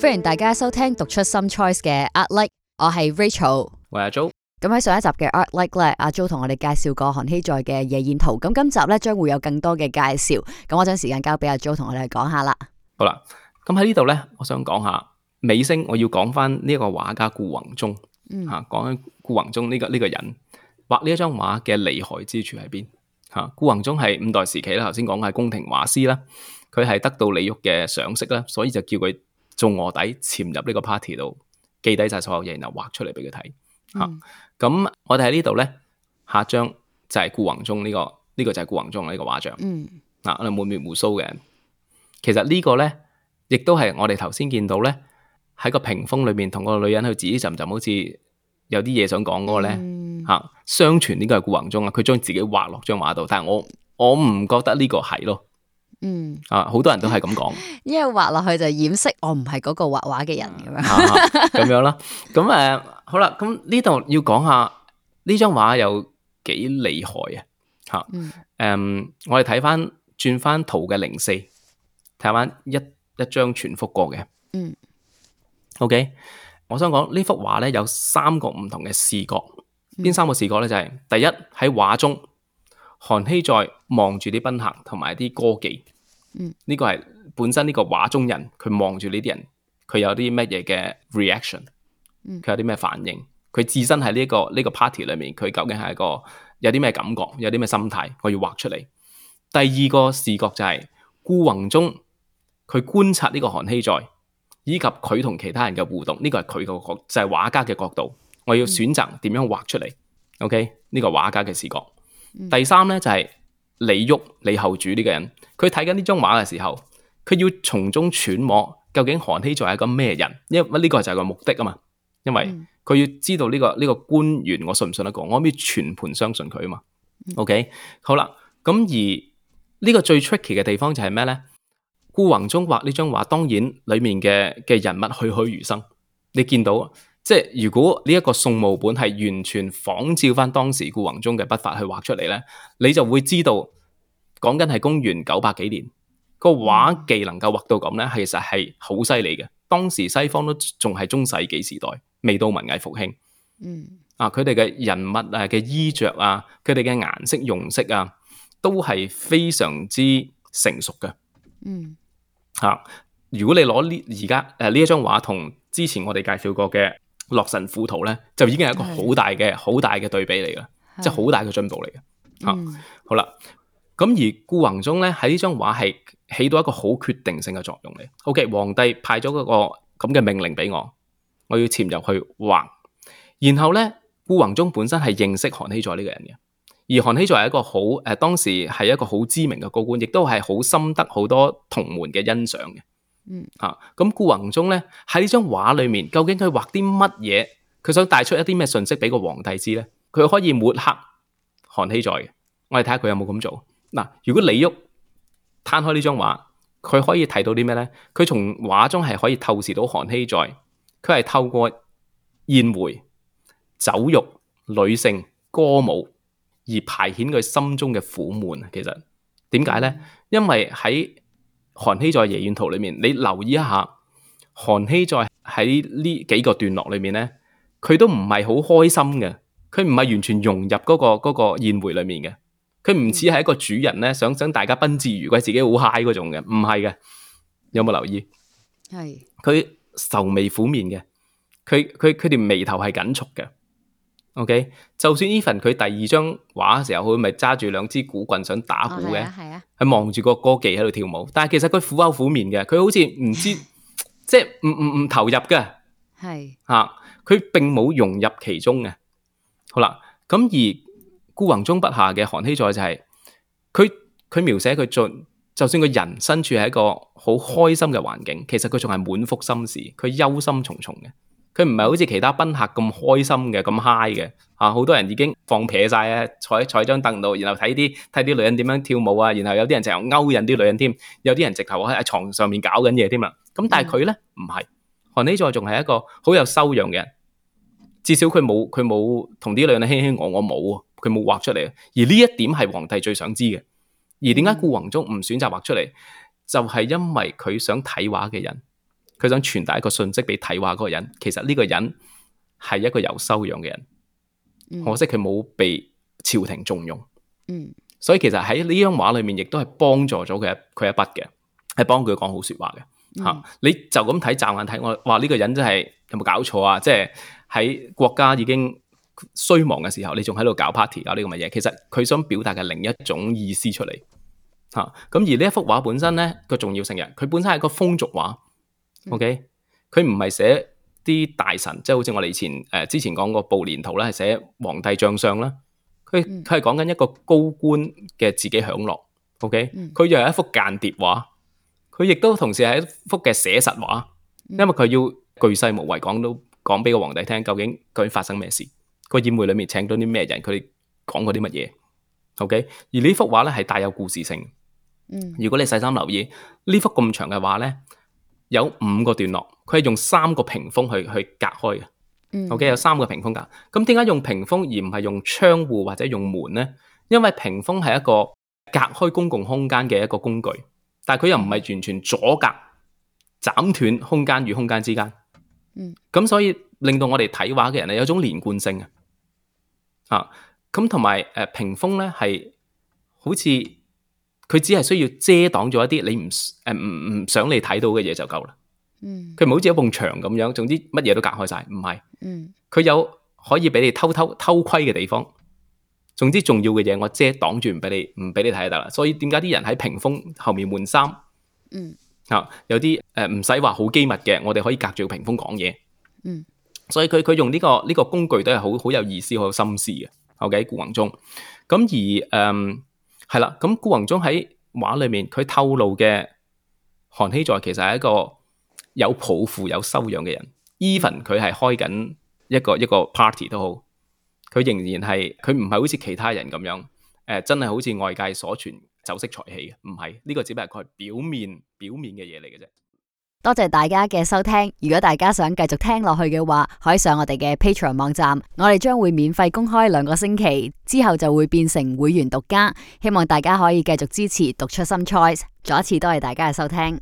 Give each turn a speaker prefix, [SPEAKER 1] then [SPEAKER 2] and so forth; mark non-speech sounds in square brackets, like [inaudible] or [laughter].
[SPEAKER 1] 歡迎大家收聽讀出 some choice 嘅 art like，我係 Rachel，我係阿 Jo。咁喺上一集嘅 art like 咧，阿 Jo 同我哋介紹過韓熙載嘅夜宴圖，咁今集咧將會有更多嘅介紹。咁我將時間交俾阿 Jo 同我哋去講下啦。好啦，咁喺呢度咧，我想講下尾聲，我要講翻呢一個畫家顧閎中，吓，講緊顧閎中呢個呢個人畫呢一張畫嘅厲害之處喺邊吓。顧閎中係五代時期啦，頭先講嘅係宮廷畫師啦，佢係得到李煜嘅賞識啦，所以就叫佢。做臥底潛入呢個 party 度記低晒所有嘢，然後畫出嚟俾佢睇。吓、嗯，咁、啊、我哋喺呢度咧，下張就係顧閎中呢、這個，呢、這個就係顧閎中嘅呢個畫像。我哋滿面鬍鬚嘅，其實個呢個咧，亦都係我哋頭先見到咧，喺個屏風裏面同個女人去紫紫紫、嗯啊、自己指浸浸，好似有啲嘢想講嗰個咧。吓，相傳呢個係顧閎中啊，佢將自己畫落張畫度，但係我我唔覺得呢個係咯。嗯，啊，好多人都係咁講，因為畫落去就掩飾我唔係嗰個畫畫嘅人咁樣，咁樣啦。咁誒，好啦，咁呢度要講下呢張畫有幾厲害啊，吓，嗯，我哋睇翻轉翻圖嘅零四，睇翻一一張全幅過嘅，嗯，OK，我想講呢幅畫咧有三個唔同嘅視角，邊、嗯、三個視角咧就係、是、第一喺畫中。韓熙載望住啲賓客同埋啲歌妓，呢、嗯、個係本身呢個畫中人，佢望住呢啲人，佢有啲乜嘢嘅 reaction，佢有啲咩反應，佢、嗯、自身喺呢、這個呢、這個 party 裏面，佢究竟係一個有啲咩感覺，有啲咩心態，我要畫出嚟。第二個視覺就係顧閎中，佢觀察呢個韓熙載以及佢同其他人嘅互動，呢、這個係佢個角，就係、是、畫家嘅角度，我要選擇點樣畫出嚟。嗯、OK，呢個畫家嘅視覺。嗯、第三咧，就係、是、李煜李後主呢個人，佢睇緊呢張畫嘅時候，佢要從中揣摩，究竟韓熙載係一個咩人，因為呢個就係個目的啊嘛。因為佢要知道呢、這個呢、這個官員我信唔信得過，我可唔可以全盤相信佢啊嘛。嗯、OK，好啦，咁而呢個最出奇嘅地方就係咩咧？顧閎中畫呢張畫，當然裏面嘅嘅人物栩栩如生，你見到。即係如果呢一個宋摹本係完全仿照翻當時顧閎中嘅筆法去畫出嚟咧，你就會知道講緊係公元九百幾年個畫技能夠畫到咁咧，其實係好犀利嘅。當時西方都仲係中世紀時代，未到文藝復興。嗯，啊，佢哋嘅人物啊嘅衣着啊，佢哋嘅顏色用色啊，都係非常之成熟嘅。嗯，啊，如果你攞呢而家誒呢一張畫同之前我哋介紹過嘅。洛神賦圖咧，就已經係一個好大嘅、好的大嘅對比嚟嘅，即係好大嘅進步嚟嘅。的啊，好啦，咁而顧宏中顧閎中咧喺呢張畫係起到一個好決定性嘅作用嚟。OK，皇帝派咗嗰個咁嘅命令俾我，我要潛入去畫。然後咧，顧閎中本身係認識韓熙載呢個人嘅，而韓熙載係一個好誒、呃，當時係一個好知名嘅高官，亦都係好深得好多同門嘅欣賞嘅。吓咁、嗯啊、顧閎中咧喺呢張畫裏面，究竟佢畫啲乜嘢？佢想帶出一啲咩信息俾個皇帝知咧？佢可以抹黑韓熙載嘅，我哋睇下佢有冇咁做。嗱、啊，如果李煜攤開呢張畫，佢可以睇到啲咩咧？佢從畫中係可以透視到韓熙載，佢係透過宴會、酒肉、女性、歌舞而排遣佢心中嘅苦悶。其實點解咧？因為喺韓熙載《夜宴圖》裏面，你留意一下，韓熙載喺呢幾個段落裏面咧，佢都唔係好開心嘅，佢唔係完全融入嗰、嗰個、嗰個宴會裏面嘅，佢唔似係一個主人咧，想想大家賓至如歸，自己好嗨嗰種嘅，唔係嘅，有冇留意？係是，佢愁眉苦面嘅，佢佢佢條眉頭係緊縮嘅。OK，就算呢份佢第二張畫嘅時候，佢咪揸住兩支鼓棍想打鼓嘅。哦係望住個歌妓喺度跳舞，但係其實佢苦口苦面嘅，佢好似唔知， [laughs] 即係唔唔唔投入嘅，係吓、 [laughs] 啊，佢並冇融入其中嘅。好啦，咁而顧閎中筆下嘅韓熙載就係、是，佢佢描寫佢進，就算個人身處喺一個好開心嘅環境，其實佢仲係滿腹心事，佢憂心忡忡嘅。佢唔係好似其他賓客咁開心嘅，咁嗨嘅，啊，好多人已經放撇晒，咧，坐喺坐張凳度，然後睇啲睇啲女人點樣跳舞啊，然後有啲人就勾引啲女人添，有啲人直頭喺床上面搞緊嘢添啊。咁、嗯、但係佢咧唔係，韓熙載仲係一個好有修養嘅人，至少佢冇佢冇同啲女人卿卿我我冇啊，佢冇畫出嚟。而呢一點係皇帝最想知嘅。而點解顧閎中唔選擇畫出嚟，就係、是、因為佢想睇畫嘅人。佢想傳達一個訊息俾睇畫嗰個人，其實呢個人係一個有修養嘅人，可惜佢冇被朝廷重用。嗯，所以其實喺呢張畫裏面，亦都係幫助咗佢一佢一筆嘅，係幫佢講好說話嘅。吓、嗯，你就咁睇，驟眼睇我話呢個人真係有冇搞錯啊？即係喺國家已經衰亡嘅時候，你仲喺度搞 party 搞呢個乜嘢？其實佢想表達嘅另一種意思出嚟。吓，咁而呢一幅畫本身咧個重要性，嘅，佢本身係個風俗畫。O K，佢唔係寫啲大臣，即係好似我哋以前誒、呃、之前講過布年圖咧，係寫皇帝像相啦。佢佢係講緊一個高官嘅自己享樂。O K，佢又係一幅間諜畫，佢亦都同時係一幅嘅寫實畫，因為佢要巨細無遺講到講俾個皇帝聽究竟究竟發生咩事，個宴會裏面請到啲咩人，佢哋講過啲乜嘢。O K，而呢幅畫咧係帶有故事性。嗯，如果你細心留意呢幅咁長嘅畫咧。有五個段落，佢係用三個屏風去去隔開嘅。嗯，OK，有三個屏風隔。咁點解用屏風而唔係用窗戶或者用門呢？因為屏風係一個隔開公共空間嘅一個工具，但係佢又唔係完全阻隔、斬斷空間與空間之間。嗯，咁所以令到我哋睇畫嘅人有種連貫性啊。咁同埋誒屏風咧係好似。佢只係需要遮擋咗一啲你唔誒唔唔想你睇到嘅嘢就夠啦。嗯，佢唔好似一埲牆咁樣，總之乜嘢都隔開晒，唔係。嗯，佢有可以俾你偷偷偷窺嘅地方。總之重要嘅嘢我遮擋住唔俾你唔俾你睇得啦。所以點解啲人喺屏風後面換衫？嗯，吓、嗯、有啲誒唔使話好機密嘅，我哋可以隔住個屏風講嘢。嗯，所以佢佢用呢、呢個呢、呢個工具都係好好有意思好有心思嘅。OK，顧閎中。咁而誒。嗯嗯嗯。係啦，咁顧閎中喺畫裏面，佢透露嘅韓熙載其實係一個有抱負、有修養嘅人。even 佢係開緊一個一個 party 都好，佢仍然係佢唔係好似其他人咁樣，誒、呃，真係好似外界所傳酒色財氣嘅，唔係，呢個只不過係佢表面表面嘅嘢嚟嘅啫。多謝大家嘅收聽，如果大家想繼續聽落去嘅話，可以上我哋嘅 Patreon 網站，我哋將會免費公開兩個星期，之後就會變成會員獨家。希望大家可以繼續支持讀出 Some Choice，再一次多謝大家嘅收聽。